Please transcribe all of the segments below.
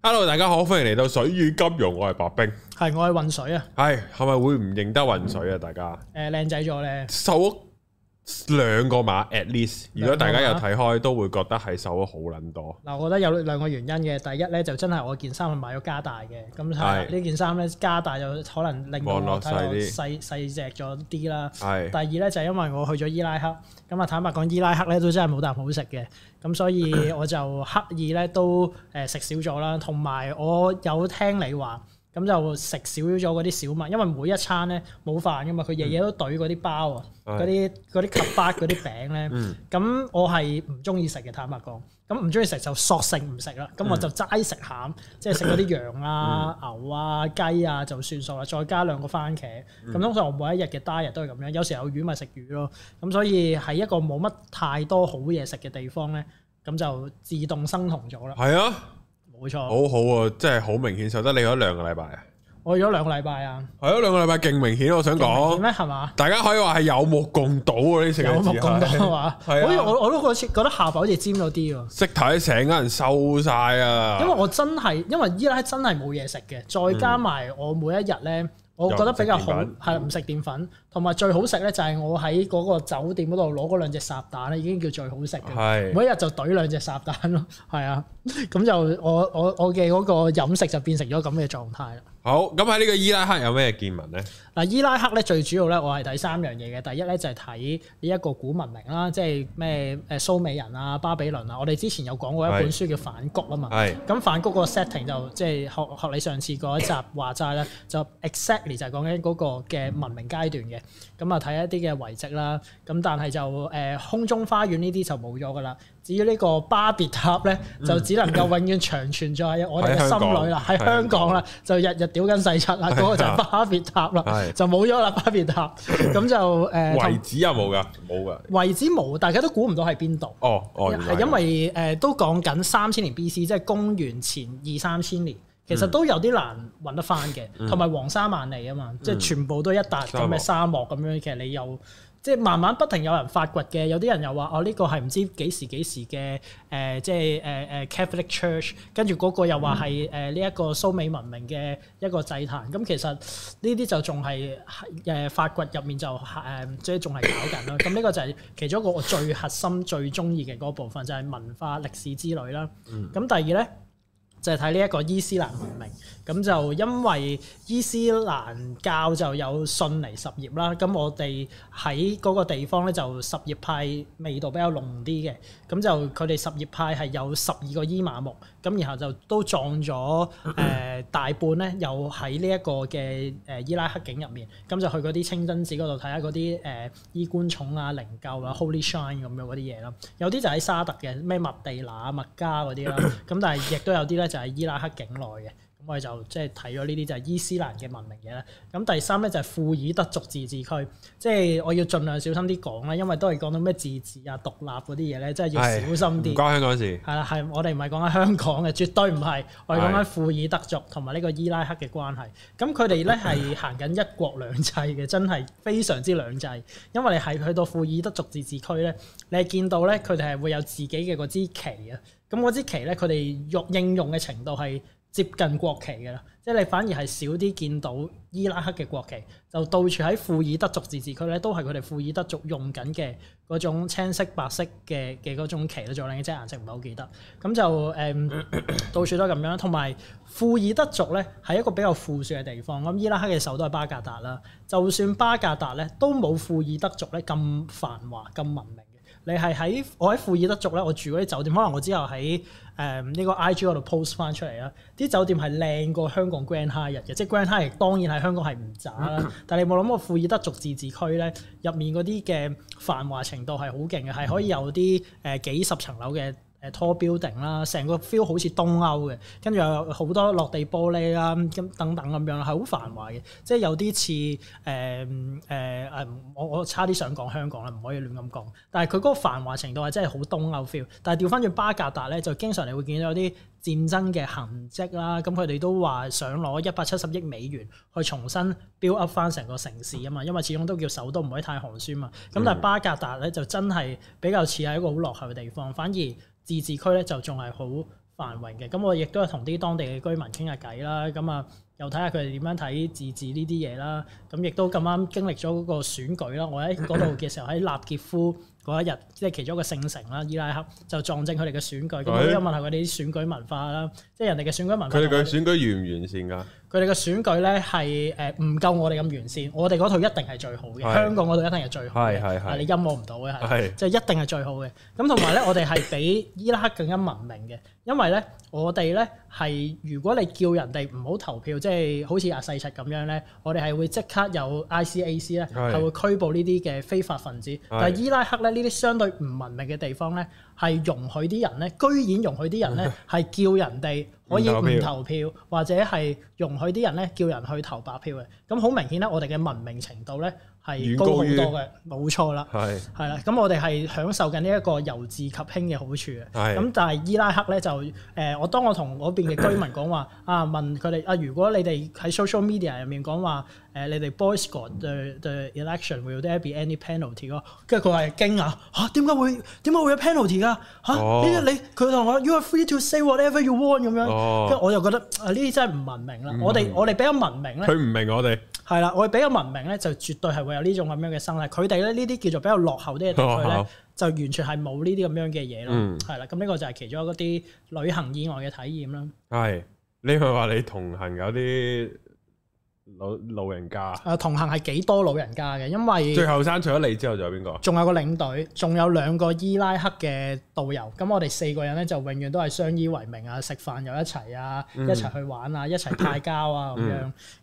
Hello，大家好，歡迎嚟到水與金融，我係白兵，係我係渾水啊，係係咪會唔認得渾水啊？大家誒靚、呃、仔咗咧，瘦兩個碼 at least，如果大家有睇開，都會覺得係瘦咗好捻多。嗱、啊，我覺得有兩個原因嘅，第一咧就真係我件衫係買咗加大嘅，咁所以呢件衫咧加大就可能令我睇我細細隻咗啲啦。係。是第二咧就係、因為我去咗伊拉克，咁啊坦白講伊拉克咧都真係冇啖好食嘅。咁所以我就刻意呢都誒食少咗啦，同埋我有聽你話。咁就食少咗嗰啲小麥，因為每一餐咧冇飯噶嘛，佢日日都懟嗰啲包啊、嗰啲嗰啲及巴嗰啲餅咧。咁我係唔中意食嘅坦白講。咁唔中意食就索性唔食啦。咁我就齋食餡，嗯、即係食嗰啲羊啊、嗯、牛啊、雞啊，就算數啦。再加兩個番茄。咁、嗯、通常我每一日嘅 diet 都係咁樣，有時候有魚咪食魚咯。咁所以喺一個冇乜太多好嘢食嘅地方咧，咁就自動生酮咗啦。係啊。冇錯，好好喎、啊，真係好明顯瘦得你咗兩個禮拜啊！我咗兩個禮拜啊，係咯兩個禮拜勁明顯，我想講咩係嘛？大家可以話係有目共睹啊。呢啲有目共睹係嘛？所吧、啊、以我我都覺得得下巴好似尖咗啲喎，色睇成間人瘦晒啊！因為我真係，因為依家真係冇嘢食嘅，再加埋我每一日咧。嗯我覺得比較好，係唔食澱粉，同埋最好食咧就係我喺嗰個酒店嗰度攞嗰兩隻烚蛋咧，已經叫最好食嘅。是每一日就懟兩隻烚蛋咯，係啊，咁就我我我嘅嗰個飲食就變成咗咁嘅狀態啦。好，咁喺呢個伊拉克有咩見聞咧？嗱，伊拉克咧最主要咧，我係睇三樣嘢嘅。第一咧就係睇呢一個古文明啦，即係咩？誒蘇美人啊、巴比倫啊，我哋之前有講過一本書叫《反谷》啊嘛。係。咁反谷個 setting 就即係學學你上次嗰一集話齋咧，就 exactly 就講緊嗰個嘅文明階段嘅。咁啊睇一啲嘅遺跡啦。咁但係就誒、呃、空中花園呢啲就冇咗噶啦。至於呢個巴別塔咧，就只能夠永遠長存在喺我哋嘅心裏啦。喺香港啦，就日日屌緊細七啦，嗰個就係巴別塔啦，就冇咗啦巴別塔。咁就誒遺址又冇㗎，冇㗎。遺址冇，大家都估唔到喺邊度。哦哦，係因為誒都講緊三千年 B.C.，即係公元前二三千年，其實都有啲難揾得翻嘅。同埋黃沙萬里啊嘛，即係全部都一笪咁嘅沙漠咁樣，其實你又～即係慢慢不停有人發掘嘅，有啲人又話，哦，呢個係唔知幾時幾時嘅誒、呃，即係誒誒 Catholic Church，跟住嗰個又話係誒呢一個蘇美文明嘅一個祭壇，咁、嗯嗯、其實呢啲就仲係誒發掘入面就誒、呃、即係仲係搞緊啦。咁呢個就係其中一個我最核心最中意嘅嗰部分，就係文化歷史之旅啦。咁第二咧。嗯嗯就係睇呢一個伊斯蘭文明，咁就因為伊斯蘭教就有信尼十葉啦，咁我哋喺嗰個地方咧就十葉派味道比較濃啲嘅，咁就佢哋十葉派係有十二個伊瑪目，咁然後就都葬咗誒、呃、大半咧，又喺呢一個嘅誒伊拉克境入面，咁就去嗰啲清真寺嗰度睇下嗰啲誒衣冠冢啊、靈柩啊、Holy Shrine 咁樣嗰啲嘢咯，有啲就喺沙特嘅咩麥地那、麥加嗰啲啦，咁但係亦都有啲咧就，係伊拉克境內嘅，咁我哋就即係睇咗呢啲就係伊斯蘭嘅文明嘅咧。咁第三咧就係庫爾德族自治區，即係我要盡量小心啲講啦，因為都係講到咩自治啊、獨立嗰啲嘢咧，真係要小心啲。唔關香港事，係啦，係我哋唔係講緊香港嘅，絕對唔係，我哋講緊庫爾德族同埋呢個伊拉克嘅關係。咁佢哋咧係行緊一國兩制嘅，真係非常之兩制，因為你係去到庫爾德族自治區咧，你見到咧佢哋係會有自己嘅嗰支旗啊。咁嗰支旗咧，佢哋用應用嘅程度係接近國旗嘅啦，即係你反而係少啲見到伊拉克嘅國旗，就到處喺庫爾德族自治區咧，都係佢哋庫爾德族用緊嘅嗰種青色白色嘅嘅嗰種旗啦，仲有另一隻顏色唔係好記得。咁就誒，嗯、 到處都咁樣。同埋庫爾德族咧係一個比較富庶嘅地方。咁伊拉克嘅首都係巴格達啦，就算巴格達咧都冇庫爾德族咧咁繁華咁文明。你係喺我喺庫爾德族咧，我住嗰啲酒店，可能我之後喺誒呢個 IG 嗰度 post 翻出嚟啦。啲酒店係靚過香港 Grand Hyatt 嘅，即係 Grand Hyatt 當然喺香港係唔渣啦。咳咳，但係你冇諗過庫爾德族自治區咧入面嗰啲嘅繁華程度係好勁嘅，係、嗯、可以有啲誒、呃、幾十層樓嘅。誒 tall building 啦，成個 feel 好似東歐嘅，跟住又有好多落地玻璃啦，咁等等咁樣，係好繁華嘅，即係有啲似誒誒誒，我我差啲想講香港啦，唔可以亂咁講。但係佢嗰個繁華程度係真係好東歐 feel。但係調翻轉巴格達咧，就經常你會見到有啲戰爭嘅痕跡啦。咁佢哋都話想攞一百七十億美元去重新 build up 翻成個城市啊嘛，因為始終都叫首都，唔可以太寒酸嘛。咁但係巴格達咧就真係比較似係一個好落後嘅地方，反而。自治區咧就仲係好繁榮嘅，咁我亦都係同啲當地嘅居民傾下偈啦，咁啊又睇下佢哋點樣睇自治呢啲嘢啦，咁亦都咁啱經歷咗嗰個選舉啦。我喺嗰度嘅時候喺納傑夫嗰一日，即係其中一個聖城啦，伊拉克就撞正佢哋嘅選舉，咁又問下佢哋啲選舉文化啦，即係人哋嘅選舉文化。佢哋嘅選舉完唔完善㗎？佢哋嘅選舉咧係誒唔夠我哋咁完善，我哋嗰套一定係最好嘅，的香港嗰套一定係最好嘅，係的你陰我唔到嘅係，就一定係最好嘅。咁同埋咧， 我哋係比伊拉克更加文明嘅，因為咧我哋咧係如果你叫人哋唔好投票，即係好似阿細柒咁樣咧，我哋係會即刻有 I C A C 咧的，係會拘捕呢啲嘅非法分子。但係伊拉克咧呢啲相對唔文明嘅地方咧。係容許啲人咧，居然容許啲人咧係叫人哋可以唔投票， 投票或者係容許啲人咧叫人去投白票嘅。咁好明顯咧，我哋嘅文明程度咧。係高好多嘅，冇錯啦，係係啦，咁我哋係享受緊呢一個遊自及興嘅好處嘅，咁但係伊拉克咧就誒，我當我同嗰邊嘅居民講話啊，問佢哋啊，如果你哋喺 social media 入面講話誒，你哋 boycott the election will there be any penalty 咯？跟住佢話驚啊嚇，點解會點解會有 penalty 㗎？嚇你佢同我 you are free to say whatever you want 咁樣，跟住我就覺得呢啲真係唔文明啦。我哋我哋比較文明咧，佢唔明我哋係啦，我哋比較文明咧就絕對係會。有呢種咁樣嘅生態，佢哋咧呢啲叫做比較落後啲嘅地區咧，後就完全係冇呢啲咁樣嘅嘢咯，係啦、嗯，咁呢個就係其中嗰啲旅行意外嘅體驗啦。係，你係話你同行有啲？老老人家啊，同行係幾多老人家嘅？因為最後生除咗你之後，仲有邊個？仲有個領隊，仲有兩個伊拉克嘅導遊。咁我哋四個人咧，就永遠都係相依為命啊，食飯又一齊啊，嗯、一齊去玩啊，一齊嗌交啊咁樣。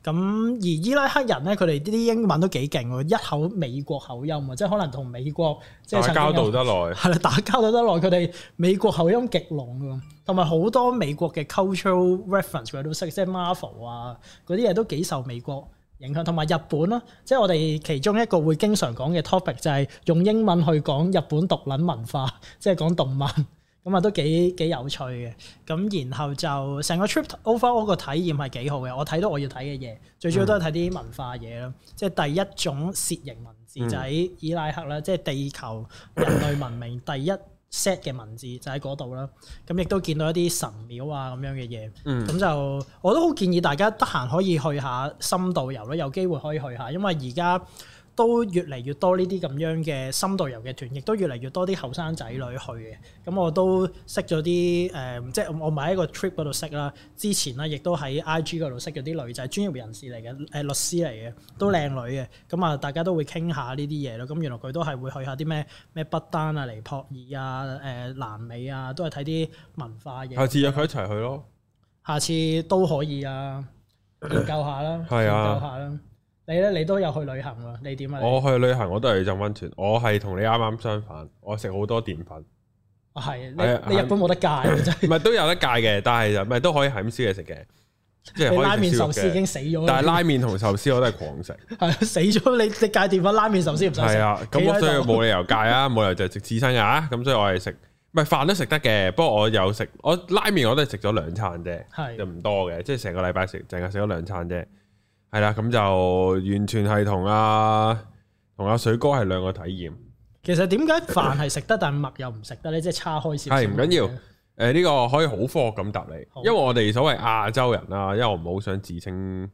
咁、嗯、而伊拉克人咧，佢哋啲英文都幾勁喎，一口美國口音啊，即係可能同美國即打，打交道得耐，係啦，打，打交道得耐，佢哋美國口音極濃嘅。同埋好多美國嘅 cultural reference 佢都識，即係 Marvel 啊嗰啲嘢都幾受美國影響。同埋日本咯、啊，即係我哋其中一個會經常講嘅 topic 就係用英文去講日本毒撚文化，即係講動漫，咁啊都幾幾有趣嘅。咁然後就成個 trip overall 個體驗係幾好嘅，我睇到我要睇嘅嘢，最主要都係睇啲文化嘢咯。嗯、即係第一種楔形文字、嗯、就喺伊拉克啦，即係地球人類文明第一。嗯嗯嗯 set 嘅文字就喺嗰度啦，咁亦都見到一啲神廟啊咁樣嘅嘢，咁、嗯、就我都好建議大家得閒可以去下深度遊啦，有機會可以去下，因為而家，都越嚟越多呢啲咁樣嘅深度遊嘅團，亦都越嚟越多啲後生仔女去嘅。咁我都識咗啲誒，即係我咪喺個 trip 嗰度識啦。之前啦，亦都喺 IG 嗰度識咗啲女仔，專業人士嚟嘅，誒、呃、律師嚟嘅，都靚女嘅。咁啊，大家都會傾下呢啲嘢咯。咁原來佢都係會去下啲咩咩不丹啊、尼泊爾啊、誒南美啊，都係睇啲文化嘢。下次約佢一齊去咯。下次都可以啊， 研究下啦，研究下啦。係啊。你咧，你都有去旅行喎？你點啊？我去旅行我都係浸溫泉。我係同你啱啱相反，我食好多澱粉。係，你的你日本冇得戒真係。唔係都有得戒嘅，但係就唔係都可以係咁燒嘢食嘅。即係拉麵壽司已經死咗。但係拉麵同壽司我都係狂食。係 死咗你食戒澱粉，拉麵壽司唔使食。係啊，咁我所以冇理由戒啊，冇 理由就係食刺身噶。咁所以我係食，唔係飯都食得嘅。不過我有食，我拉麵我都係食咗兩餐啫，的就唔多嘅，即係成個禮拜食，淨係食咗兩餐啫。係啦，咁就完全係同阿同阿水哥係兩個體驗。其實點解飯係食得，但麥又唔食得咧？即係叉開先，少、嗯。係唔緊要，誒、呃、呢、這個可以好科學咁答你好因，因為我哋所謂亞洲人啦，因為我唔好想自稱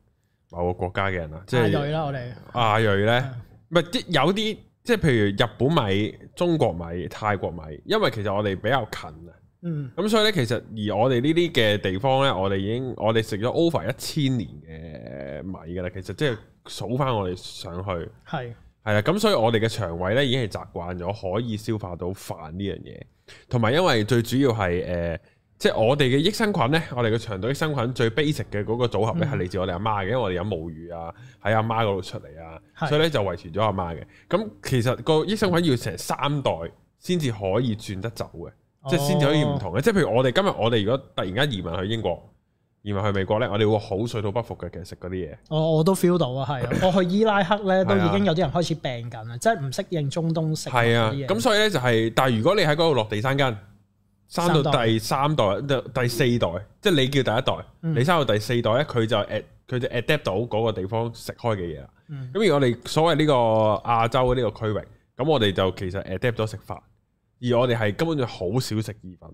某個國家嘅人啦，即係亞裔我哋亞裔咧，唔係即有啲即係譬如日本米、中國米、泰國米，因為其實我哋比較近啊，咁、嗯嗯、所以咧，其實而我哋呢啲嘅地方咧，我哋已經我哋食咗 over 一千年嘅。米噶啦，其實即係數翻我哋上去，係係啦，咁所以我哋嘅腸胃咧已經係習慣咗可以消化到飯呢樣嘢，同埋因為最主要係誒，即係我哋嘅益生菌咧，我哋嘅腸道益生菌最 basic 嘅嗰個組合咧係嚟自我哋阿媽嘅，因為我哋有母乳啊，喺阿媽嗰度出嚟啊，是所以咧就遺傳咗阿媽嘅。咁其實個益生菌要成三代先至可以轉得走嘅，即係先至可以唔同嘅。即係譬如我哋今日我哋如果突然間移民去英國，而話去美國咧，我哋會好水土不服嘅，其實食嗰啲嘢。我我都 feel 到啊，係啊，我去伊拉克咧， 都已經有啲人開始病緊啦，的即係唔適應中東食嘅嘢。係啊，咁所以咧就係、是，但係如果你喺嗰度落地生根，生到代第三代、第四代，四代即係你叫第一代，嗯、你生到第四代咧，佢就 a 佢就 adapt 到嗰個地方食開嘅嘢啦。咁、嗯、而我哋所謂呢個亞洲嘅呢個區域，咁我哋就其實 adapt 咗食飯，而我哋係根本就好少食意粉。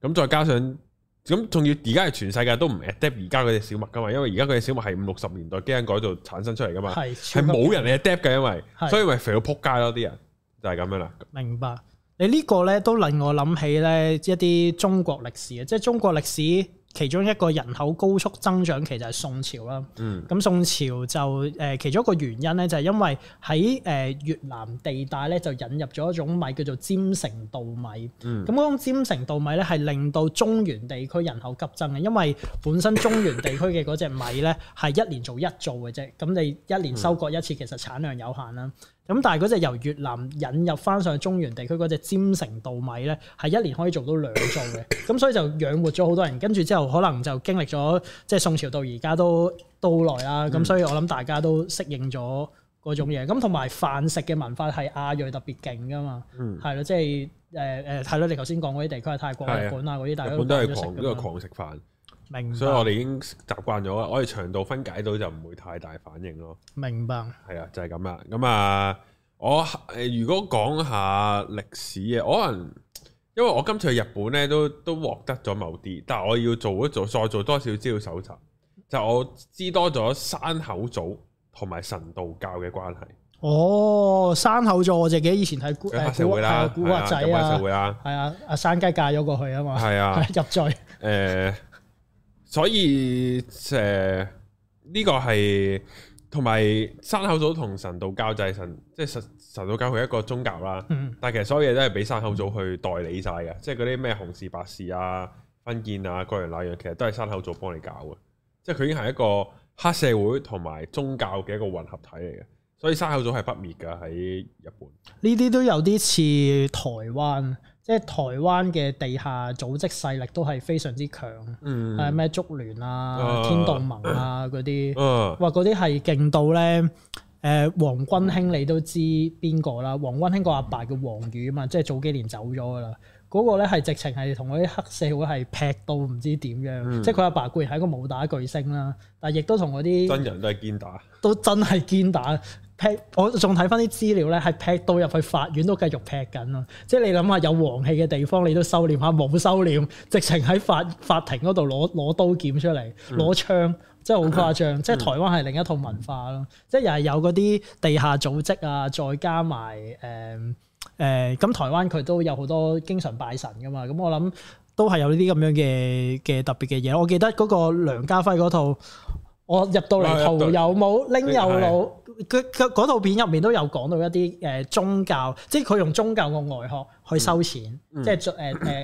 咁再加上。咁仲要而家係全世界都唔 adapt 而家嗰隻小麥噶嘛？因為而家嗰隻小麥係五六十年代，基因改造產生出嚟噶嘛，係冇人嚟 adapt 嘅，因為是所以咪肥到撲街咯啲人就係、是、咁樣啦。明白你個呢個咧都令我諗起咧一啲中國歷史啊，即、就、係、是、中國歷史。其中一個人口高速增長期就係宋朝啦。咁、嗯、宋朝就誒、呃、其中一個原因咧，就係因為喺誒、呃、越南地帶咧就引入咗一種米叫做占城稻米。咁嗰、嗯、種占城稻米咧，係令到中原地區人口急增嘅，因為本身中原地區嘅嗰隻米咧係一年做一造嘅啫。咁你一年收割一次，其實產量有限啦。嗯咁但係嗰隻由越南引入翻上中原地區嗰隻占城稻米咧，係一年可以做到兩種嘅，咁 所以就養活咗好多人。跟住之後可能就經歷咗即係宋朝到而家都到來啦。咁、嗯、所以我諗大家都適應咗嗰種嘢。咁同埋飯食嘅文化係亞裔特別勁㗎嘛，係咯、嗯，即係誒誒係咯。你頭先講嗰啲地區係泰國日本啊嗰啲，大家都係狂，都係狂食飯。所以，我哋已經習慣咗，我哋長度分解到就唔會太大反應咯。明白。係啊，就係咁啦。咁、嗯、啊，我誒如果講下歷史嘅，可能因為我今次去日本咧，都都獲得咗某啲，但係我要做一做，再做多少資料蒐集，就係、我知多咗山口組同埋神道教嘅關係。哦，山口組我就記得以前係誒、欸、古惑仔啊，古惑仔啊，係啊，阿山、啊啊、雞嫁咗過去啊嘛，係啊，啊，入罪誒、 嗯。 所以誒，呢、呃這個係同埋山口組同神道教就係神，即係神神道教佢一個宗教啦。嗯、但係其實所有嘢都係俾山口組去代理晒嘅，嗯、即係嗰啲咩紅事白事啊、婚宴啊、各樣那樣，其實都係山口組幫你搞嘅。即係佢已經係一個黑社會同埋宗教嘅一個混合體嚟嘅。所以山口組係不滅嘅喺日本。呢啲都有啲似台灣。即係台灣嘅地下組織勢力都係非常之強，誒咩竹聯啊、天道盟啊嗰啲，哇嗰啲係勁到咧！誒、呃、王君興你都知邊個啦？王君興個阿爸叫王羽啊嘛，即係早幾年走咗噶啦。嗰、那個咧係直情係同嗰啲黑社會係劈到唔知點樣，嗯、即係佢阿爸固然係一個武打巨星啦，但係亦都同嗰啲真人都係堅打，都真係堅打。劈，我仲睇翻啲資料咧，係劈到入去法院都繼續劈緊啊！即係你諗下，有黃氣嘅地方，你都收斂下，冇收斂，直情喺法法庭嗰度攞攞刀劍出嚟，攞槍，真係好誇張！ 即係台灣係另一套文化咯，即係又係有嗰啲地下組織啊，再加埋誒誒，咁、呃呃、台灣佢都有好多經常拜神噶嘛，咁我諗都係有呢啲咁樣嘅嘅特別嘅嘢。我記得嗰個梁家輝嗰套。我入到嚟逃又冇拎又老，佢佢套片入面都有講到一啲誒、呃、宗教，即係佢用宗教嘅外殼去收錢，嗯、即係誒誒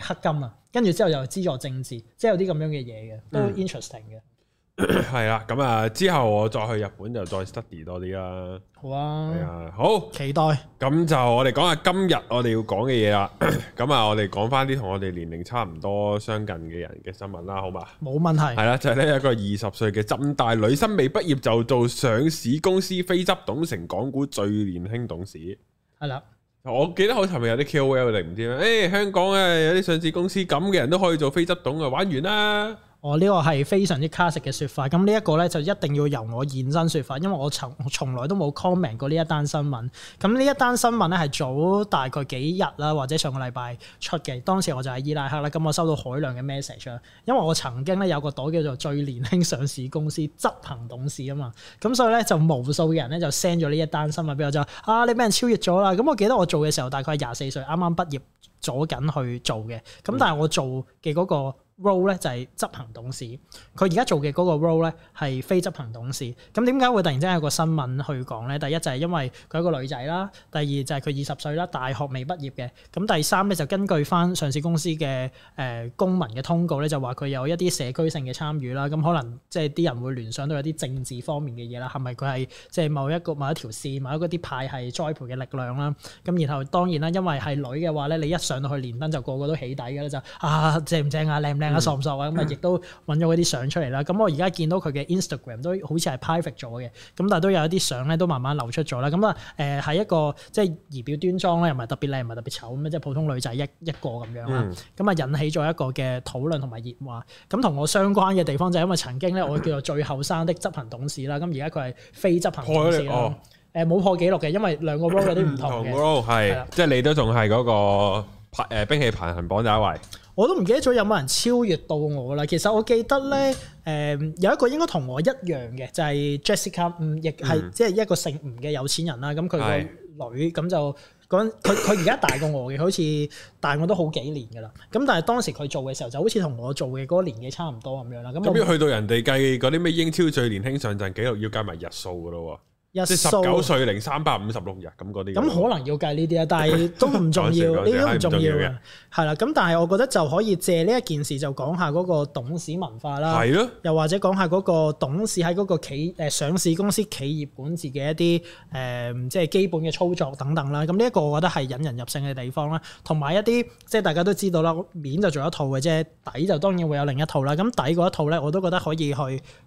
黑金啊，跟住之後又資助政治，即係有啲咁樣嘅嘢嘅，都 interesting 嘅。嗯嗯係啦，咁咳咳啊之後我再去日本就再 study 多啲啦，啊。好啊，係啊，好期待。咁就我哋講下今日我哋要講嘅嘢啦。咁啊， 我哋講翻啲同我哋年齡差唔多相近嘅人嘅新聞啦，好嘛？冇問題。係啦，啊，就係、是、呢一個二十歲嘅浸大女生未畢業就做上市公司非執董成港股最年輕董事。係啦的。我記得好似咪有啲 K O L 定唔知咩。誒、欸、香港誒、啊、有啲上市公司咁嘅人都可以做非執董啊，玩完啦。我呢、哦呢個係非常之卡石嘅説法，咁呢一個咧就一定要由我現身説法，因為我從我從來都冇 comment 過呢一單新聞。咁呢一單新聞咧係早大概幾日啦，或者上個禮拜出嘅。當時我就喺伊拉克啦，咁我收到海量嘅 message 啦，因為我曾經咧有個度叫做最年輕上市公司執行董事啊嘛，咁所以咧就無數嘅人咧就 send 咗呢一單新聞俾我，就話啊你俾人超越咗啦。咁我記得我做嘅時候大概係廿四歲，啱啱畢業咗緊去做嘅，咁但係我做嘅嗰、嗰個 role 咧就係執行董事，佢而家做嘅嗰個 role 咧係非執行董事。咁點解會突然之間有個新聞去講咧？第一就係因為佢係一個女仔啦，第二就係佢二十歲啦，大學未畢業嘅。咁第三咧就根據翻上市公司嘅誒公民嘅通告咧，就話佢有一啲社區性嘅參與啦。咁可能即係啲人會聯想到有啲政治方面嘅嘢啦，係咪佢係即係某一個某一條線、某一個啲派系栽培嘅力量啦？咁然後當然啦，因為係女嘅話咧，你一上到去連登就個個都起底嘅啦，就啊正唔正啊靚唔靚？美啊，熟唔熟啊？咁啊，亦都揾咗嗰啲相出嚟啦。咁我而家見到佢嘅 Instagram 都好似係 private 咗嘅，咁但係都有一啲相咧都慢慢流出咗啦。咁啊，誒係一個即係儀表端莊咧，又唔係特別靚，唔係特別醜咁，即係普通女仔一一個咁樣啦。咁啊，引起咗一個嘅討論同埋熱話。咁同我相關嘅地方就係因為曾經咧，我叫做最後生的執行董事啦。咁而家佢係非執行董事咯。冇破記、哦、錄嘅，因為兩個 role 有啲唔同嘅。同 role 係，的即係你都仲係嗰個兵器排行榜第一位。我都唔記得咗有冇人超越到我啦。其實我記得咧，誒、嗯呃、有一個應該同我一樣嘅，就係、是、Jessica，亦係即係一個姓吳嘅有錢人啦。咁佢個女咁就嗰，佢佢而家大過我嘅， 好似大我都好幾年噶啦。咁但係當時佢做嘅時候，就好似同我做嘅嗰個年紀差唔多咁樣啦。咁要去到人哋計嗰啲咩英超最年輕上陣紀錄，要加埋日數噶咯喎。十九歲零三百五十六日咁嗰啲。咁可能要計呢啲啊， 但係都唔重要，呢啲唔重要嘅，係啦。 咁但係我覺得就可以借呢一件事就講下嗰個董事文化啦。係咯的，又或者講下嗰個董事喺嗰個企誒上市公司企業管治嘅一啲誒、呃，即係基本嘅操作等等啦。咁呢一個我覺得係引人入勝嘅地方啦。同埋一啲即係大家都知道啦，面就做一套嘅啫，底就當然會有另一套啦。咁底嗰一套咧，我都覺得可以去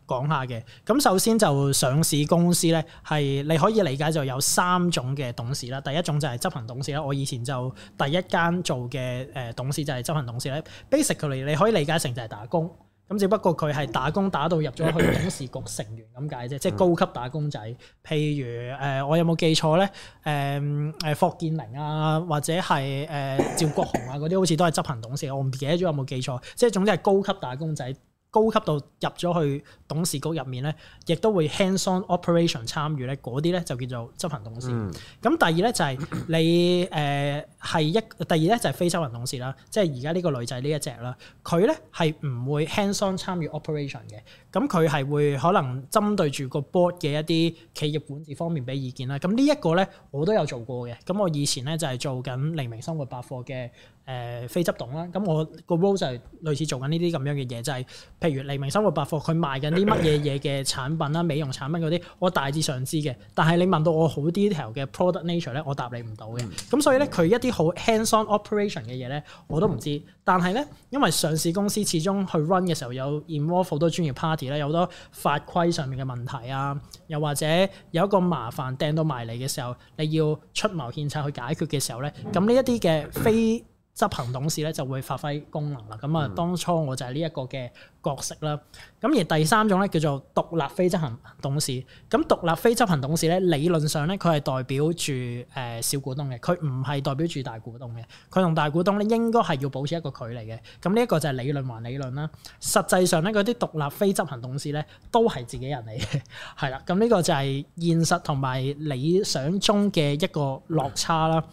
講下嘅。咁首先就上市公司咧。係你可以理解就有三種嘅董事啦，第一種就係執行董事啦。我以前就第一間做嘅誒董事就係執行董事咧。Basically，你可以理解成就係打工，咁只不過佢係打工打到入咗去董事局成員咁解啫，即係高級打工仔。譬如誒，我有冇記錯咧？誒、嗯、誒，霍建寧啊，或者係誒趙國雄啊，嗰啲好似都係執行董事，我唔記得咗有冇記錯。即係總之係高級打工仔。高級到入咗去董事局入面咧，亦都會 hands on operation 參與咧，嗰啲咧就叫做執行董事。咁、嗯、第二咧就係、是、你誒係、呃、一第二咧就係非執行董事啦，即係而家呢個女仔呢一隻啦，佢咧係唔會 hands on 參與 operation 嘅，咁佢係會可能針對住個 board 嘅一啲企業管治方面俾意見啦。咁呢一個咧我都有做過嘅，咁我以前咧就係做緊黎明生活百貨嘅誒、呃、非執董啦，咁我個 role 就係類似做緊呢啲咁樣嘅嘢，就係、是。譬如黎明生活百貨，佢賣緊啲乜嘢嘢嘅產品啦，美容產品嗰啲，我大致上知嘅。但係你問到我好 detail 嘅 product nature 咧，我答你唔到嘅。咁所以咧，佢一啲好 hands-on operation 嘅嘢咧，我都唔知。但係咧，因為上市公司始終去 run 嘅時候有 involve 好多專業 party 啦，有好多法規上面嘅問題啊，又或者有一個麻煩掟到埋嚟嘅時候，你要出謀獻策去解決嘅時候咧，咁呢一啲嘅非執行董事咧就會發揮功能啦，咁啊當初我就係呢一個嘅角色啦。咁而第三種咧叫做獨立非執行董事，咁獨立非執行董事咧，理論上咧佢係代表住誒小股東嘅，佢唔係代表住大股東嘅，佢同大股東咧應該係要保持一個距離嘅。咁呢一個就係理論還理論啦，實際上咧，嗰啲獨立非執行董事咧都係自己人嚟嘅，係啦。咁呢個就係現實同埋理想中嘅一個落差啦。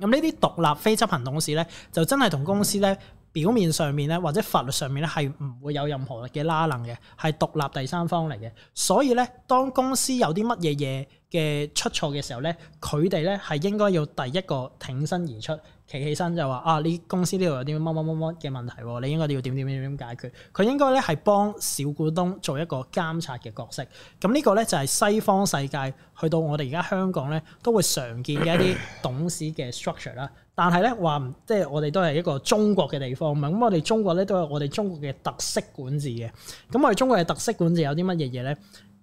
咁呢啲獨立非執行董事咧，就真係同公司咧，表面上面咧，或者法律上面咧，係唔會有任何嘅拉楞嘅，係獨立第三方嚟嘅。所以咧，當公司有啲乜嘢嘢嘅出錯嘅時候咧，佢哋咧係應該要第一個挺身而出，企起身就話啊，你公司呢度有啲乜乜乜乜嘅問題，你應該要點點點點解決。佢應該咧係幫小股東做一個監察嘅角色。咁呢個咧就係西方世界去到我哋而家香港咧都會常見嘅一啲董事嘅 structure 啦。但係咧話，即係我哋都係一個中國嘅地方，咁我哋中國咧都有我哋中國嘅特色管治嘅，咁我哋中國嘅特色管治有啲乜嘢嘢咧？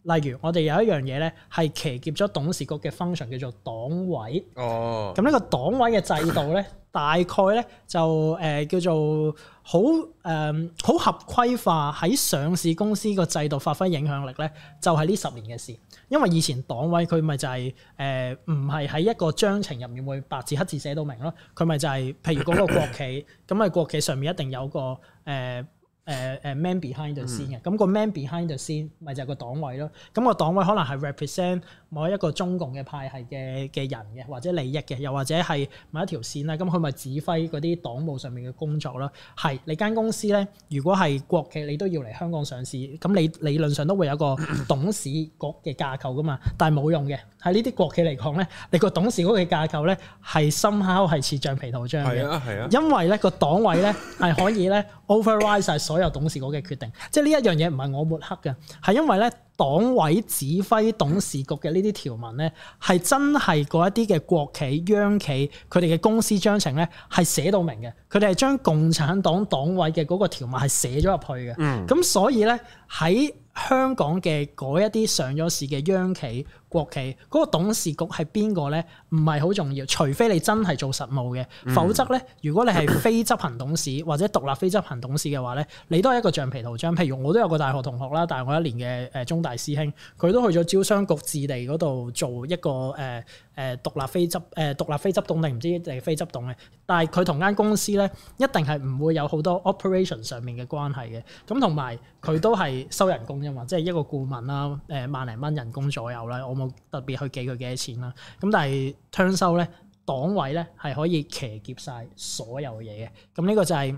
例如我哋有一樣嘢咧，係騎劫咗董事局嘅 function，叫做黨委。哦。咁呢個黨委嘅制度咧，大概咧就誒、呃、叫做好誒好合規化喺上市公司個制度發揮影響力咧，就係、是、呢十年嘅事。因為以前黨委佢咪就係誒唔係喺一個章程入面會白字黑字寫到明咯，佢咪就係、是、譬如嗰個國企，咁咪 國企上面一定有一個誒，呃誒誒、uh, man behind the scene 嘅、mm，咁、hmm. 個 man behind the scene 咪就係個黨委咯。咁個黨委可能係 represent 某一個中共嘅派系嘅嘅人嘅，或者利益嘅，又或者係某一條綫啦。咁佢咪指揮嗰啲黨務上面嘅工作咯。係你間公司咧，如果係國企，你都要嚟香港上市，咁你理論上都會有一個董事局嘅架構噶嘛。但係冇用嘅。咳咳喺呢啲國企嚟講，咧，你個董事局嘅架構咧係深敲係似橡皮圖章嘅。係啊係啊，啊因為咧個黨委咧係可以咧 override 曬所有董事局嘅決定，即係呢一樣嘢唔係我抹黑嘅，係因為咧。黨委指揮董事局嘅呢啲條文咧，係真係嗰一啲嘅國企、央企佢哋嘅公司章程咧，係寫到明嘅。佢哋係將共產黨黨委嘅嗰個條文係寫咗入去嘅。咁、嗯、所以咧，喺香港嘅嗰一啲上咗市嘅央企、國企嗰、嗰個董事局係邊個咧？唔係好重要。除非你真係做實務嘅，否則咧，如果你係非執行董事或者獨立非執行董事嘅話咧，你都係一個橡皮圖章。譬如我都有個大學同學啦，但係我一年嘅誒中大師兄，佢都去咗招商局置地嗰度做一個誒誒、呃呃、獨立非執誒、呃、獨立非執董定唔知定非執董嘅，但係佢同間公司咧一定係唔會有好多 operation 上面嘅關係嘅，咁同埋佢都係收人工啫嘛，即係一個顧問啦，誒、呃、萬零蚊人工左右啦，我冇特別去記佢幾多錢啦，咁但係 turns out 咧，黨委咧係可以騎劫晒所有嘢嘅，咁呢個就係、是。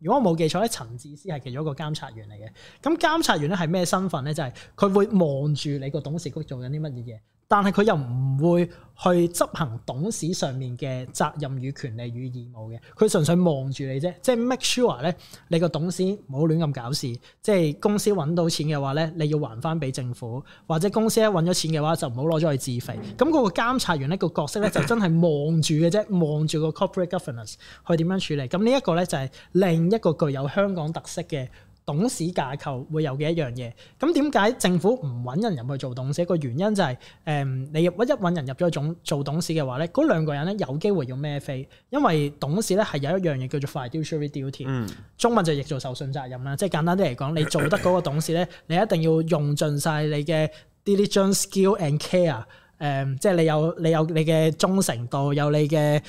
如果我冇記錯咧，陳智思係其中一個監察員嚟嘅。咁監察員咧係咩身份咧？就係、是、佢會望住你個董事局做緊啲乜嘢嘢，但係佢又唔會去執行董事上面嘅責任與權利與義務嘅。佢純粹望住你啫，即係 make sure 咧你個董事唔好亂咁搞事。即係公司揾到錢嘅話咧，你要還翻俾政府，或者公司一揾咗錢嘅話就唔好攞咗去自肥。咁、那、嗰個監察員咧個角色咧就真係望住嘅啫，望住 個 corporate governance 去點樣處理。咁呢一個咧就係另一個具有香港特色嘅董事架構會有嘅一樣嘢。咁點解政府唔揾人入去做董事？一個原因就係、是、誒、嗯，你一揾人入咗一種做董事嘅話咧，嗰兩個人咧有機會要孭飛。因為董事咧係有一樣嘢叫做 fiduciary duty，、嗯、中文就譯做受信責任啦。即係簡單啲嚟講，你做得嗰個董事咧，咳咳你一定要用盡晒你嘅 diligent skill and care。誒、嗯，即係你，你有你有你嘅忠誠度，有你嘅誒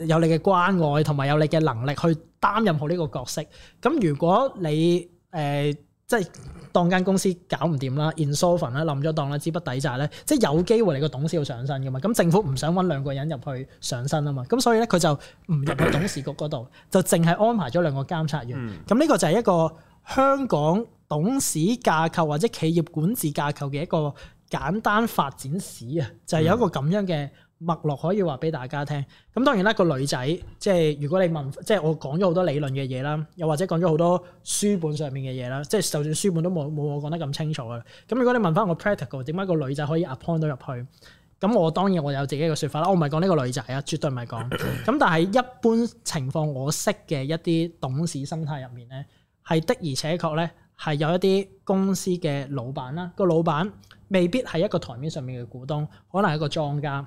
誒，有你嘅關愛，同埋有你嘅能力去擔任好呢個角色。咁如果你誒、呃，即係當間公司搞唔掂啦，insolvent 啦，冧咗檔啦，資不抵債咧，即係有機會你個董事要上身噶嘛。咁政府唔想揾兩個人入去上身啊嘛。咁所以咧，佢就唔入去董事局嗰度， 就淨係安排咗兩個監察員。咁呢個就係一個香港董事架構或者企業管治架構嘅一個簡單發展史啊，就係有一個咁樣嘅脈絡，可以話俾大家聽。咁當然啦，個女仔即係如果你問，即係我講咗好多理論嘅嘢啦，又或者講咗好多書本上面嘅嘢啦，即係就算書本都冇冇我講得咁清楚啊。咁如果你問翻我 practical，點解個女仔可以 appoint 到入去？咁我當然我有自己嘅說法啦。我唔係講呢個女仔啊，絕對唔係講。咁 但係一般情況，我識嘅一啲董事心態入面咧，係的而且確咧係有一啲公司嘅老闆啦，個老闆。未必係一個台面上面嘅股東，可能係一個莊家，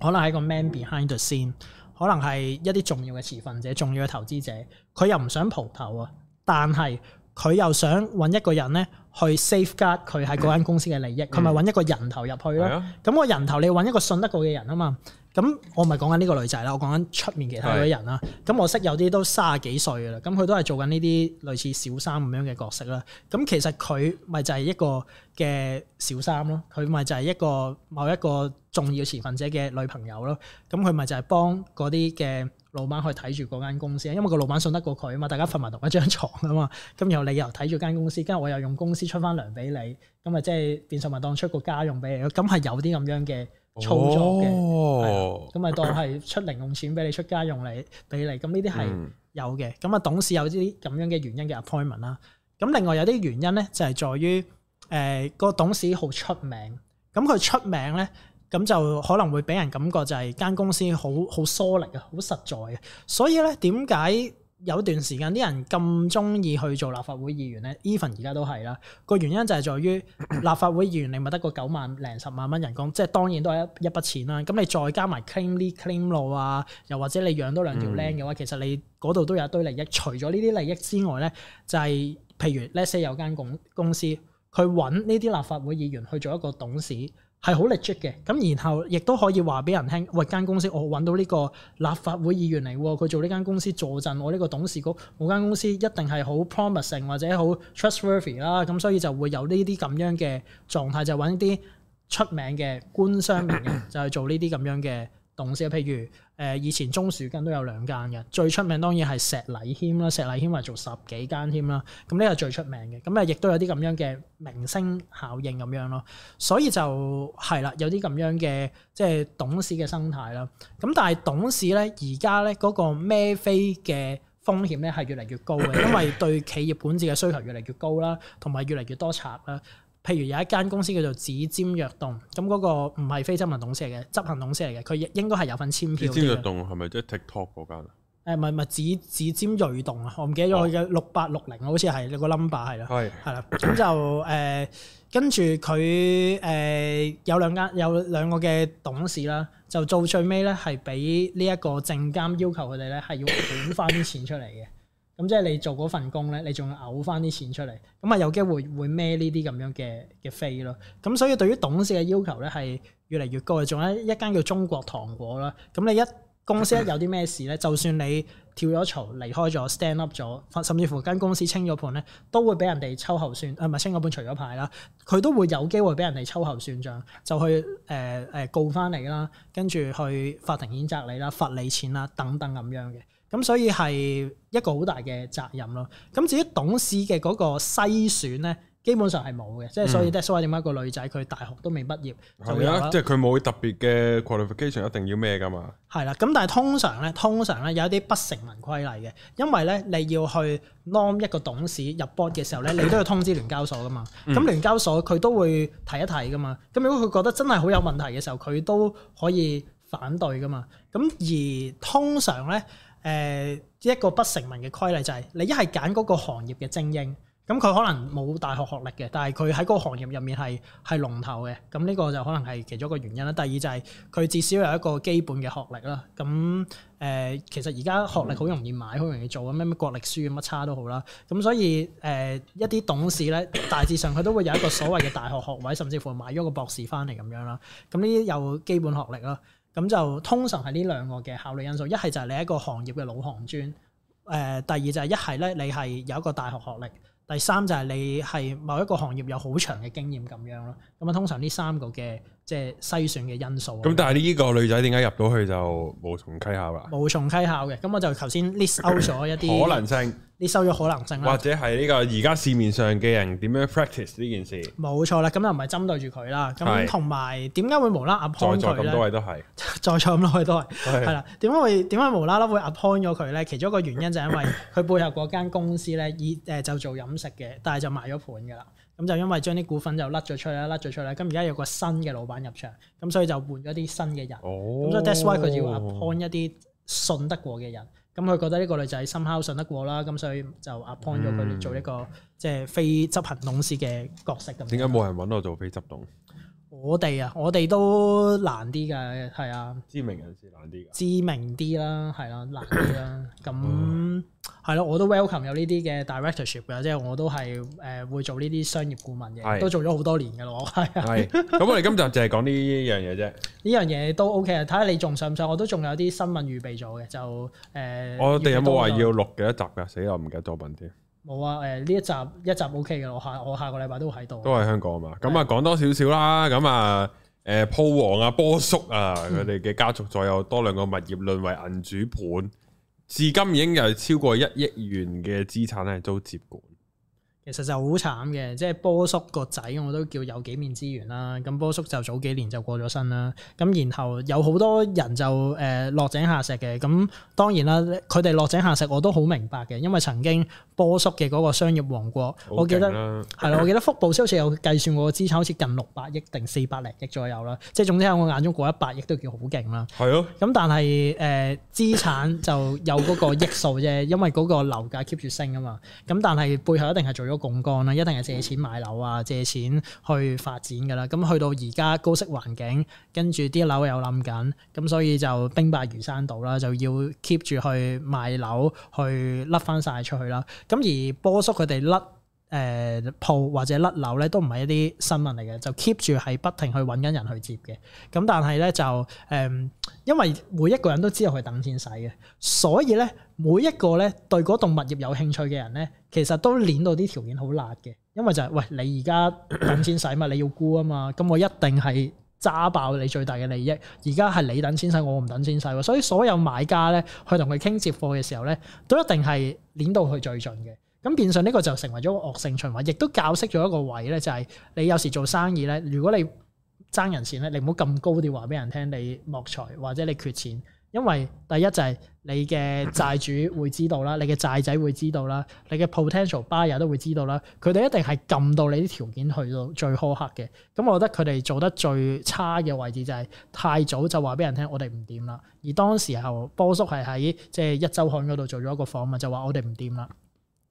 可能係一個 man behind the scene，可能係一啲重要嘅持份者、重要嘅投資者，佢又唔想蒲頭啊，但係佢又想揾一個人咧。去 safeguard 佢喺嗰間公司嘅利益，佢咪揾一個人頭入去咯。咁個、嗯、人頭你揾一個信得過嘅人啊嘛。咁我咪講緊呢個女仔啦，我講緊出面其他嗰啲人啦。咁是我識有啲都三十幾歲噶啦，咁佢都係做緊呢啲類似小三咁樣嘅角色啦。咁其實佢咪就係一個嘅小三咯，佢咪就係一個某一個重要持份者嘅女朋友咯。咁佢咪就係幫嗰啲嘅。老闆去睇住嗰間公司，因為個老闆信得過佢啊嘛，大家瞓埋同一張床啊嘛，咁有理由睇住間公司，跟住我又用公司出翻糧俾你，咁啊即係變成咪當出個家用俾你，咁係有啲咁樣嘅操作嘅，咁啊、哦、當係出零用錢俾你出家用嚟俾你，咁呢啲係有嘅，咁啊、嗯、董事有啲咁樣嘅原因嘅 appointment 啦，咁另外有啲原因咧就係在於誒個董事好出名，咁佢出名咧。咁就可能會俾人感覺就係間公司好好疏離啊，好實在啊。所以咧，點解有段時間啲人咁中意去做立法會議員咧？Even 而家都係啦。個原因就係在於立法會議員，你咪得個九萬零十萬蚊人工，即係當然都係一一筆錢啦。咁你再加埋 claim 啲 claim 路啊，又或者你養多兩條靚嘅話，嗯、其實你嗰度都有一堆利益。除咗呢啲利益之外咧，就係、是、譬如，let's say 有間公公司，去揾呢啲立法會議員去做一個董事。係好 legit 嘅，咁然後亦都可以話俾人聽，喂間公司我揾到呢個立法會議員嚟喎、哦，佢做呢間公司坐鎮，助陣我呢個董事局，我間公司一定係好 promising 或者好 trustworthy 啦，咁所以就會有呢啲咁樣嘅狀態，就揾啲出名嘅官商名人就去做呢啲咁樣嘅。董事譬如誒、呃、以前中暑根都有兩間嘅，最出名當然係石禮謙啦，石禮謙話做十幾間添啦，咁呢個最出名嘅，咁啊亦都有啲咁樣嘅明星效應咁樣咯，所以就係啦，有啲咁樣嘅即係董事嘅生態啦，咁但係董事咧而家咧嗰個孭飛嘅風險咧係越嚟越高嘅，因為對企業管治嘅需求越嚟越高啦，同埋越嚟越多賊啦。譬如有一間公司叫做指尖躍動，咁嗰個唔係非執行董事嚟嘅，執行董事嚟嘅，佢應該係有份簽票。指尖躍動係咪即係 TikTok 嗰間啊？誒唔係唔係指指尖鋭動啊，我唔記得咗佢嘅六八六零，好似係，你個 number 係啦，係啦，咁就誒跟住佢誒有兩間有兩個嘅董事啦，就做最尾咧係俾呢一個證監要求佢哋咧係要款翻啲錢出嚟嘅。 咁即係你做嗰份工咧，你仲嘔翻啲錢出嚟，咁啊有機會會孭呢啲咁樣嘅嘅飛咯。咁所以對於董事嘅要求咧，係越嚟越高嘅。仲有一間叫中國糖果啦。咁你一公司一有啲咩事咧， 就算你跳咗槽離開咗 stand up 咗，甚至乎間公司清咗盤咧，都會俾人哋秋後算，唔、啊、係清咗盤除咗牌啦，佢都會有機會俾人哋秋後算賬，就去誒誒、呃呃、告翻你啦，跟住去法庭譴責你啦，罰你錢啦，等等咁樣嘅。咁所以係一個好大嘅責任咯。咁至於董事嘅嗰個篩選咧，基本上係冇嘅。即係、嗯、所以，that’s why 點解個女仔佢大學都未畢業是是就有啦。即係佢冇特別嘅 qualification，一定要咩噶嘛？係啦。咁但係通常咧，通常咧有一啲不成文規例嘅，因為咧你要去 nom 一個董事入 board 嘅時候咧，你都要通知聯交所噶嘛。咁、嗯、聯交所佢都會睇一睇噶嘛。咁如果佢覺得真係好有問題嘅時候，佢都可以反對噶嘛。咁而通常咧。誒一個不成文嘅規例就係，你一係揀嗰個行業嘅精英，咁佢可能冇大學學歷嘅，但係佢喺嗰個行業入面係係龍頭嘅，咁呢個就可能係其中一個原因啦。第二就係佢至少有一個基本嘅學歷啦。咁誒，其實而家學歷好容易買，好容易做咩咩國力書乜叉都好啦。咁所以誒，一啲董事咧，大致上佢都會有一個所謂嘅大學學位，甚至乎買咗個博士翻嚟咁樣啦。咁呢啲有基本學歷啦。咁就通常係呢兩個嘅考慮因素，一係就係你一個行業嘅老行專，誒、呃、第二就係一係咧你係有一個大學學歷，第三就係你係某一個行業有好長嘅經驗咁樣咯。咁啊通常呢三個嘅即係篩選嘅因素。咁但係呢個女仔點解入到去就無從稽考喇。無從稽考嘅，咁我就頭先 list out 咗 一啲可能性。你收咗可能性啦，或者係呢個而家市面上嘅人點樣 practice 呢件事？冇錯啦，咁又唔係針對住佢啦。咁同埋點解會無啦啦 appoint 佢咧？再再咁多位都係， 再再咁多位都係，係啦是。點解會點解無啦啦會 appoint 咗佢咧？其中一個原因就係因為佢背後嗰間公司咧， 以誒就做飲食嘅，但係就賣咗盤㗎啦。咁就因為將啲股份就甩咗出去啦，甩咗出去啦。咁而家有個新嘅老闆入場，咁所以就換咗啲新嘅人。哦，咁所以 that's why 佢要 appoint 一啲信得過嘅人。咁佢覺得呢個女仔心口信得過啦，咁所以就 appoint 咗佢做一個即係非執行董事嘅角色咁。點解冇人揾我做非執行？我哋啊，我哋都難啲㗎，係啊。知名人士難啲㗎？知名啲啦，係啦、啊，難啲啦。咁係咯，我都 welcome 有呢啲嘅 directorship 㗎，即係我都係誒、呃、會做呢啲商業顧問嘅，都做咗好多年㗎咯。係、啊。係。咁我哋今集就係講呢 樣嘢啫。呢樣嘢都 OK 啊，睇下你仲想唔想？我都仲有啲新聞預備咗嘅，就誒。呃、我哋有冇話要錄幾多集㗎？死我唔記得作品添。冇啊，誒呢一集一集 O K 嘅，我下我下個禮拜都喺度。都喺香港的啊嘛，咁啊講多少少啦，咁啊誒鋪王啊波叔啊佢哋嘅家族再有多兩個物業淪為銀主盤，至、嗯、今已經有超過一億元嘅資產咧係遭接管。其實就好慘嘅，即係波叔個仔我都叫有幾面之緣啦。咁波叔就早幾年就過咗身啦。咁然後有好多人就誒、呃、落井下石嘅。咁當然啦，佢哋落井下石我都好明白嘅，因為曾經波叔嘅嗰個商業王國，啊、我記得係啦，我記得福布斯好似有計算過個資產好，好似近六百億定四百零億左右啦。即係總之喺我眼中過一百億都叫好勁啦。係咯、啊。咁但係誒、呃、資產就有嗰個億數啫， 因為嗰個樓價 keep 住升啊嘛。咁但係背後一定係做咗。槓桿啦，一定係借錢買樓啊，借錢去發展噶啦。咁去到而家高息環境，跟住啲樓又冧緊，咁所以就兵敗如山倒啦，就要 keep 住去賣樓，去甩翻晒出去啦。咁而波叔佢哋甩。誒，鋪、呃、或者甩樓咧，都唔係一啲新聞嚟嘅，就 keep 住係不停去揾緊人去接嘅。咁但係咧就，誒、嗯，因為每一個人都知道佢等錢使嘅，所以咧每一個咧對嗰棟物業有興趣嘅人咧，其實都碾到啲條件好辣嘅。因為就係、是，喂，你而家等錢使嘛，你要沽啊嘛，咁我一定係揸爆你最大嘅利益。而家係你等錢使，我唔等錢使，所以所有買家咧去同佢傾接貨嘅時候咧，都一定係碾到佢最盡嘅。咁變相呢個就成為咗個惡性循環，亦都教識咗一個位咧，就係你有時做生意咧，如果你爭人錢咧，你唔好咁高調話俾人聽你莫財或者你缺錢，因為第一就係你嘅債主會知道啦，你嘅債仔會知道啦，你嘅 potential buyer 都會知道啦，佢哋一定係撳到你啲條件去到最苛刻嘅。咁我覺得佢哋做得最差嘅位置就係太早就話俾人聽我哋唔掂啦。而當時候波叔係喺即係《壹週刊》嗰度做咗一個訪問，就話我哋唔掂啦。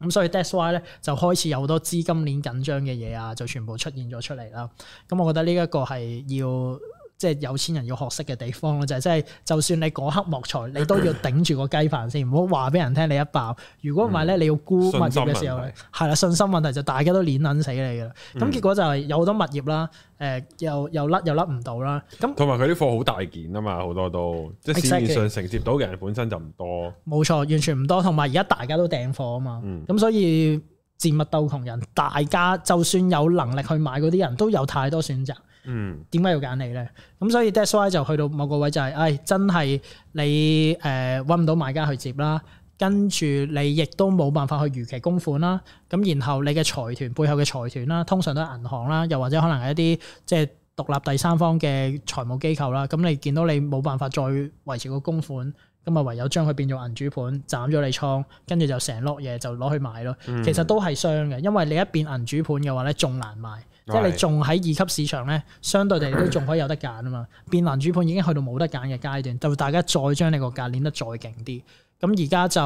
咁所以 that's why 咧就開始有好多資金鏈緊張嘅嘢啊，就全部出現咗出嚟啦。咁我覺得呢一個係要。即係有錢人要學識嘅地方咯，就係、是、即係，就算你嗰刻莫財，你都要頂住個雞飯先，唔好話俾人聽你一爆。如果唔係咧，你要沽物業嘅時候，係啦、嗯，信心問題就大家都捻捻死你噶啦。咁、嗯、結果就係有好多物業啦，誒、呃，又又甩又甩唔到啦。咁同埋佢啲貨好大件啊嘛，好多都即係市面上承接到嘅人本身就唔多。冇錯，完全唔多。同埋而家大家都訂貨啊嘛，咁、嗯、所以賤物鬥窮人，大家就算有能力去買嗰啲人都有太多選擇。嗯，點解要揀你咧？咁所以 that's why 就去到某個位就係、是，誒、哎、真係你誒揾唔到買家去接啦，跟住你亦都冇辦法去如期供款啦。咁然後你嘅財團背後嘅財團啦，通常都係銀行啦，又或者可能係一啲即係獨立第三方嘅財務機構啦。咁你見到你冇辦法再維持個供款，咁啊唯有將佢變做銀主盤，斬咗你倉，跟住就成碌嘢就攞去賣咯。其實都係傷嘅，因為你一變銀主盤嘅話咧，仲難賣。即係你仲喺二級市場咧，相對地都仲可以有得揀啊嘛。變銀 主盤已經去到冇得揀嘅階段，就大家再將你個價練得再勁啲。咁而家就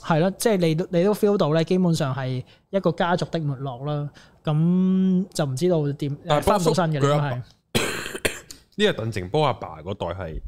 係咯，即係、就是、你都你都 feel 到咧，基本上係一個家族的沒落啦。咁就唔知道點翻唔到身嘅咧係。呢個鄧成波阿爸嗰是 代係。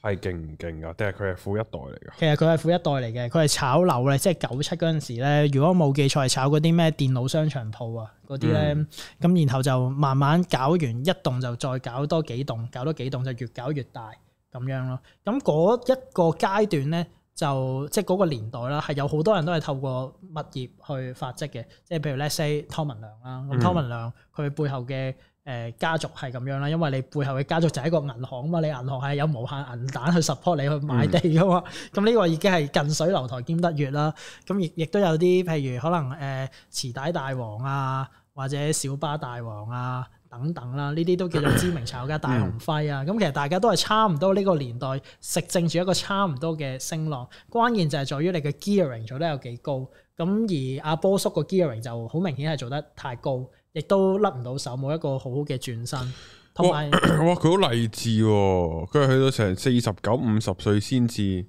係勁唔勁啊？定係佢係富一代嚟㗎？其實佢係富一代嚟嘅，佢係炒樓咧，即係九七嗰陣時咧，如果冇記錯係炒嗰啲咩電腦商場鋪啊嗰啲咧，咁、嗯、然後就慢慢搞完一棟就再搞多幾棟，搞多幾棟就越搞越大咁樣咯。咁、那、嗰、個、一個階段咧，就即係嗰個年代啦，係有好多人都係透過物業去發跡嘅，即係譬如 let's say 湯文亮啦，咁湯文亮佢背後嘅。誒家族係咁樣啦，因為你背後嘅家族就係一個銀行啊嘛，你銀行係有無限銀彈去 support 你去買地噶嘛，咁呢、嗯、 個已經係近水樓台兼得月啦。咁亦亦都有啲譬如可能誒磁帶大王啊，或者小巴大王啊等等啦、啊，呢啲都叫做知名炒家大鴻輝啊。咁、嗯、其實大家都係差唔多呢個年代食正住一個差唔多嘅升浪，關鍵就係在於你嘅 gearing 做得有幾高。咁而阿波叔個 gearing 就好明顯係做得太高。亦都甩唔到手，冇一個好好嘅轉身，同埋哇佢好勵志，佢係去到成四十九五十歲先至，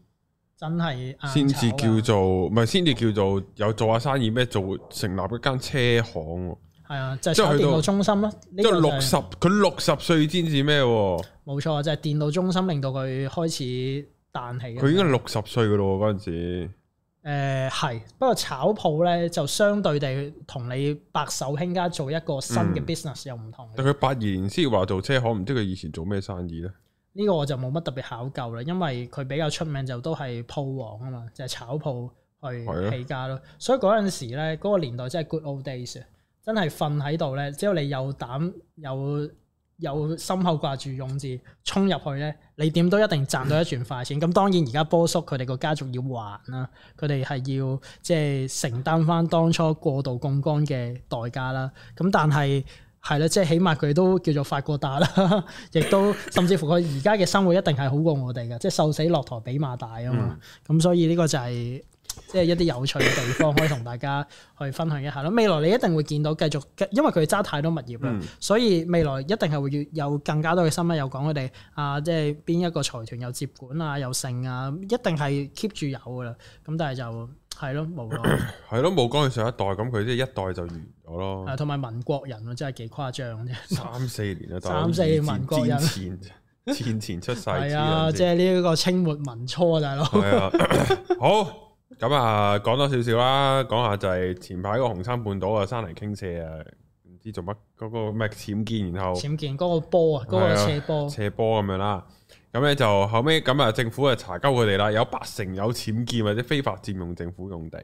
真係先至叫做唔係先至叫做有做下生意咩？做成立一間車行，係啊，即係去到中心啦。即係六十，佢六十歲先至咩？冇錯，就係電腦中心令到佢開始彈起。佢應該六十歲噶咯嗰陣時。誒係、呃，不過炒鋪咧就相對地同你白手興家做一個新嘅 business 又唔、嗯、同但佢八二年先至話做車行，唔知佢以前做咩生意咧？呢個我就冇乜特別考究啦，因為佢比較出名就都係鋪王啊嘛，就係、是、炒鋪去起家咯。嗯、所以嗰陣時咧，嗰、那個年代真係 good old days，真係瞓喺度咧，只要你有膽、有有心口掛住，勇字衝入去咧。你點都一定賺到一轉快錢，咁當然而家波叔佢哋個家族要還啦，佢哋係要即係、就是、承擔翻當初過度槓桿嘅代價啦。咁但係係啦，即係起碼佢都叫做發過達啦，亦 都甚至乎佢而家嘅生活一定係好過我哋嘅，即係瘦死駱駝比馬大啊嘛。咁、嗯、所以呢個就係、是。即係一啲有趣嘅地方，可以同大家去分享一下咯。未來你一定會見到繼續，因為佢揸太多物業啦，所以未來一定係會要有更加多嘅新聞，又講佢哋啊，即係邊一個財團又接管啊，又剩啊，一定係 keep 住有噶啦。咁但係就係咯，冇。係咯，冇講佢上一代咁，佢即係一代就完咗咯。同埋民國人真係幾誇張啫，三四年啊，三四年民國人，戰前出世。係啊，即係呢一個清末民初大佬。係啊，好。咁啊，講多少少啦，講下就係前排嗰個紅山半島啊，山泥傾瀉啊，唔知做乜嗰、那個咩僭建，然後僭建嗰、那個波啊，嗰個斜坡斜坡咁樣啦。咁咧就後尾，咁啊，政府啊查鳩佢哋啦，有八成有僭建或者非法佔用政府用地。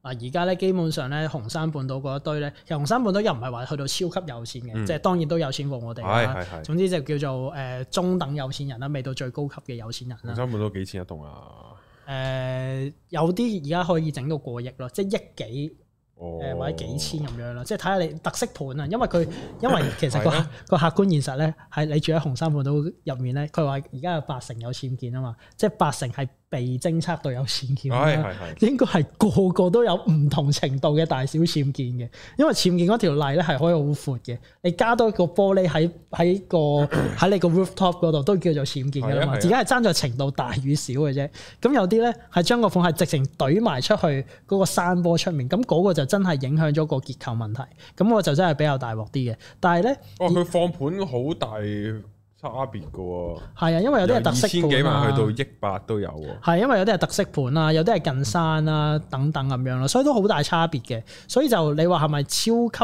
嗱，而家咧基本上咧紅山半島嗰一堆咧，其實紅山半島又唔係話去到超級有錢嘅，嗯、即係當然都有錢過我哋啦。嗯、總之就叫做誒、呃、中等有錢人啦，未到最高級嘅有錢人啦。嗯、紅山半島幾錢一棟啊？誒、呃、有啲而家可以整到過億咯，即係億幾誒或者幾千咁樣啦，即係睇下你特色盤啊，因為佢因為其實、那個 的客觀現實咧，喺你住喺紅山半島入面咧，佢話而家有八成有僭建啊嘛，即係八成係被偵測到有僭建啦，哎、呀應該係個個都有唔同程度嘅大小僭建嘅，因為僭建嗰條例咧係可以好闊嘅，你加多一個玻璃喺喺個喺 你個 roof top 嗰度都叫做僭建嘅㗎嘛，而家係爭在程度大與少嘅啫。咁有啲咧係將個縫係直情懟埋出去嗰個山坡出面，咁嗰個就真係影響咗個結構問題，咁我就真係比較大鑊啲嘅。但係咧，佢、哦、放盤好大。差別嘅喎，係啊，因為有啲係特色盤啊，二千幾萬去到億百都有喎、啊。係、啊、因為有啲係特色盤啊，有啲係近山啊、嗯、等等咁樣咯，所以都好大差別嘅。所以就你話係咪超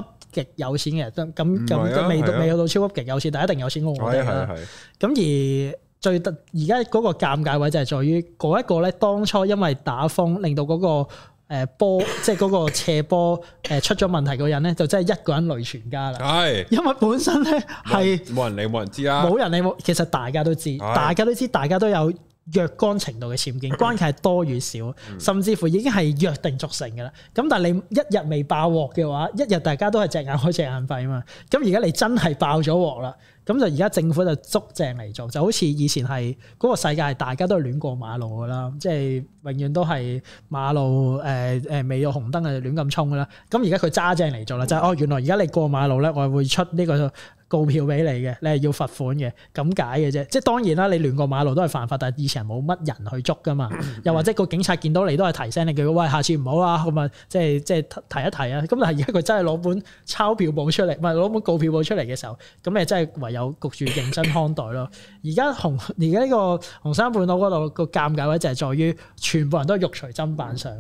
級極有錢嘅？咁咁未未去到超級極有錢，啊、但一定有錢嘅我哋啦、啊。係係係。咁、啊啊、而最特而家嗰個尷尬位就係在於嗰一個咧，當初因為打風令到嗰、嗰個。誒、呃、波即係嗰個斜波誒、呃、出咗問題嗰人咧，就真係一個人累全家啦。係是，因為本身咧係冇人理冇人知啊，冇人理冇，其實大家都知，是大家都知，大家都有若干程度嘅僭建，關鍵係多與少，甚至乎已經係約定俗成嘅啦。咁但係你一日未爆鑊嘅話，一日大家都係隻眼開隻眼閉啊嘛。咁而家你真係爆咗鑊啦！咁就而家政府就捉正嚟做，就好似以前係嗰個世界大家都係亂過馬路噶啦，即係永遠都係馬路誒誒未有紅燈啊亂咁衝噶啦。咁而家佢揸正嚟做啦，就係哦，原來而家你過馬路咧，我會出呢個告票俾你嘅，你係要罰款嘅咁解嘅啫。即係當然啦，你亂過馬路都係犯法，但係以前係冇乜人去捉噶嘛。又或者個警察見到你都係提醒你，叫佢，喂，下次唔好啦，咁啊即係即係提一提啊。咁但係而家佢真係攞本鈔票簿出嚟，唔係攞本告票簿出嚟嘅時候，咁你真係唯有焗住認真看待咯，而家紅而家呢個紅山半島嗰度個尷尬位就係在於全部人都肉隨砧板上。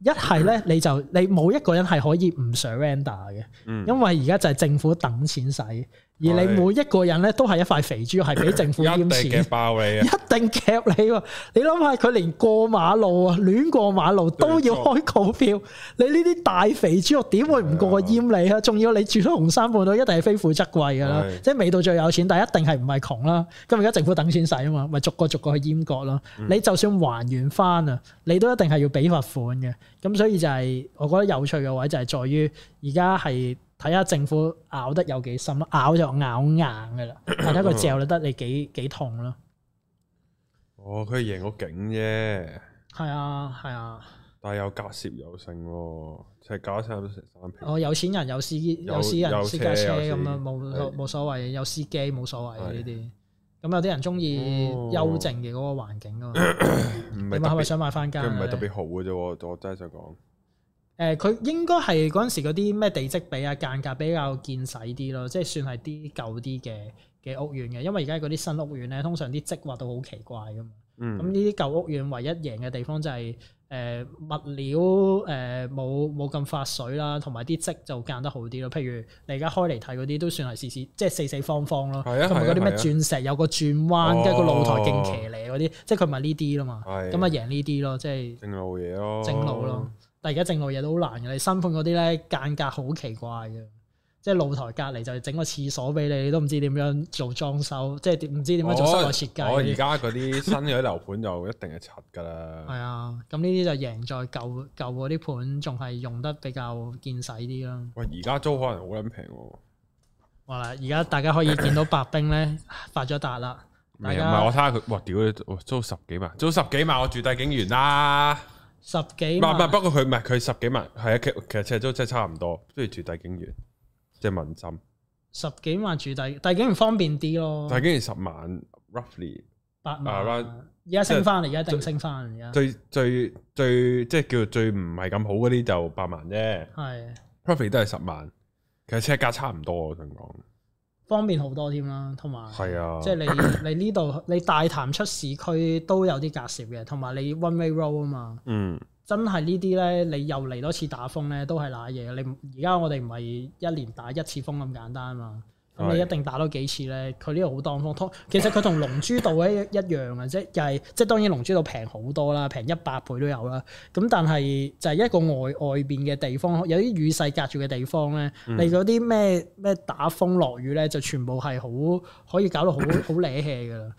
一係咧，你就你冇一個人係可以唔上 render 嘅，因為而家就係政府等錢使。而你每一個人咧，都係一塊肥豬，係俾政府閹錢，一定夾你，你啊！一定夾你喎！你諗下，佢連過馬路啊、亂過馬路都要開告票，對你呢啲大肥豬又點會唔過閹你啊？仲的要你住喺紅山半島，一定係非富則貴噶啦！的即係未到最有錢，但係一定係唔係窮啦。咁而家政府等錢使啊嘛，咪逐，逐個逐個去閹割咯。嗯、你就算還原翻啊，你都一定係要俾罰款嘅。咁所以就係我覺得有趣嘅位就係在於而家係。睇下政府咬得有幾深咯，咬就咬硬噶啦，睇佢嚼得你幾幾痛咯。哦，佢贏好勁啫。係啊，係啊。但係有隔蝕有剩喎，即係加三蚊成三皮。哦，有錢人有司機，有錢人私家車咁啊，冇冇所謂，有司機冇所謂呢啲。咁有啲人中意幽靜嘅嗰個環境啊嘛。點係咪想買翻間唔係特別好嘅啫喎，我真係想講。誒佢應該係嗰陣時嗰啲咩地積比啊間隔比較見使啲咯，即、就、係、是、算係啲舊啲嘅嘅屋苑嘅，因為而家嗰啲新屋苑咧，通常啲積劃到好奇怪噶嘛。咁呢啲舊屋苑唯一贏嘅地方就係、是、誒、呃、物料誒冇冇咁發水啦，同埋啲積就間得好啲咯。譬如你而家開嚟睇嗰啲都算係四四，即係四四方方咯。係啊，同埋嗰啲咩鑽石有個轉彎，跟住、哦、個露台勁騎呢嗰啲，即係佢咪呢啲啦嘛。咁啊贏呢啲咯，即係整路嘢咯。正路咯。但而家正路嘢都好難嘅，你新盤嗰啲咧，間隔好奇怪嘅，即係露台隔離就整個廁所俾你，你都唔知點樣做裝修，即係唔知點樣做室內設計。我而家嗰啲新嘅樓盤 就一定係拆噶啦。係啊，咁呢啲就贏在舊舊嗰啲盤仲係用得比較見使啲啦。喂，而家租可能好撚平喎。哇！而家大家可以見到白兵咧 發咗達啦。唔係家，我睇下佢。哇！屌你，租十幾萬，租十幾萬，我住帝景園啦。十幾，唔係，不過佢唔係，佢十幾萬，係啊，其實其實車租真係差唔多，不如住帝景園，即係民心。十幾萬住帝帝景園方便啲咯。帝景園十萬 roughly 八萬，而家升翻嚟，而家定升翻。而家最最最即係叫做最唔係咁好嗰啲就八萬啫。係 roughly 都係十萬，其實車價差唔多，我想講。方便好多添啦，同埋是、啊、即係你你呢度你大潭出市區都有啲隔涉嘅，同埋你 One Way Road 啊嘛，嗯、真係呢啲咧，你又嚟多次打風咧，都係瀨嘢。你而家我哋唔係一年打一次風咁簡單嘛。咁你一定打多幾次咧？佢呢度好當風，其實佢同龍珠島一一樣嘅、 就係，即又係即係當然龍珠島平好多啦，平一百倍都有啦。咁但係就係一個外外邊嘅地方，有啲與世隔絕嘅地方咧，你嗰啲咩咩打風落雨咧，就全部係好可以搞到好好瀨氣噶啦。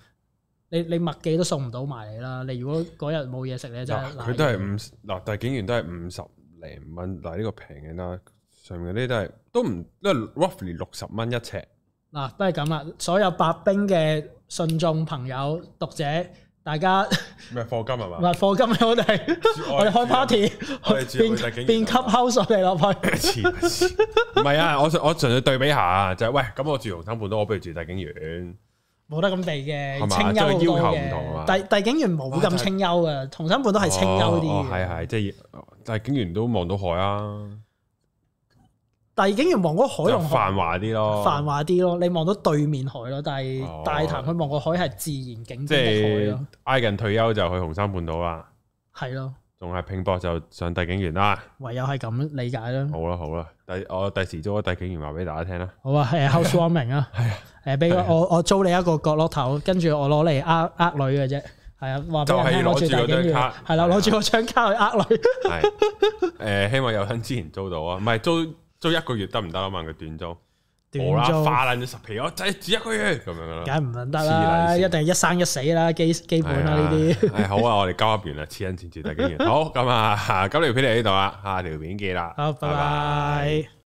你你麥記都送唔到埋嚟啦。你如果嗰日冇嘢食咧，就佢都係五嗱，但係竟然都係五十零蚊嗱，呢、呢個平嘅啦。上面嗰啲都係都唔，都係 roughly 六十蚊一尺。嗱，都係咁啦。所有白兵嘅信眾朋友讀者，大家咩課金啊嘛？唔係課金，我哋我哋開 party 變變級 house 嚟落去。唔係啊，我我純粹對比下啊，就係喂，咁我住紅山半島，我不如住大景園。冇得咁地嘅，清幽好多嘅。要求唔同啊嘛。大大景園冇咁清幽嘅，紅山半島係清幽啲。係係，即係大景園都望到海啊。但帝景園望嗰海仲繁華啲咯，繁華啲咯，你望到對面海咯。但係大潭佢望個海係自然景觀嘅海，即係挨近退休就去紅山半島啦，係咯，仲係拼搏就上帝景園啦。唯有係咁理解啦。好啦好啦，第我第時租個帝景園話俾大家聽啦。好啊，係 house warming 啊，係啊，誒，俾我我租你一個角落頭，跟住我攞嚟呃呃女嘅啫，係啊，話俾人聽攞住張卡，係啦，攞住個張卡去呃女。誒，希望有喺之前租到啊，唔係租。租一個月得唔得啊？嘛，佢短租，短租鐘化爛咗十皮，我仔住一個月咁樣咯，梗唔得啦，一定一生一死啦，基基本啦呢啲。係、啊些哎、好啊，我哋交一完啦，錢恩錢錢第幾年。 好，咁啊，咁條片嚟呢度啊，下條片見啦，好，拜拜。拜拜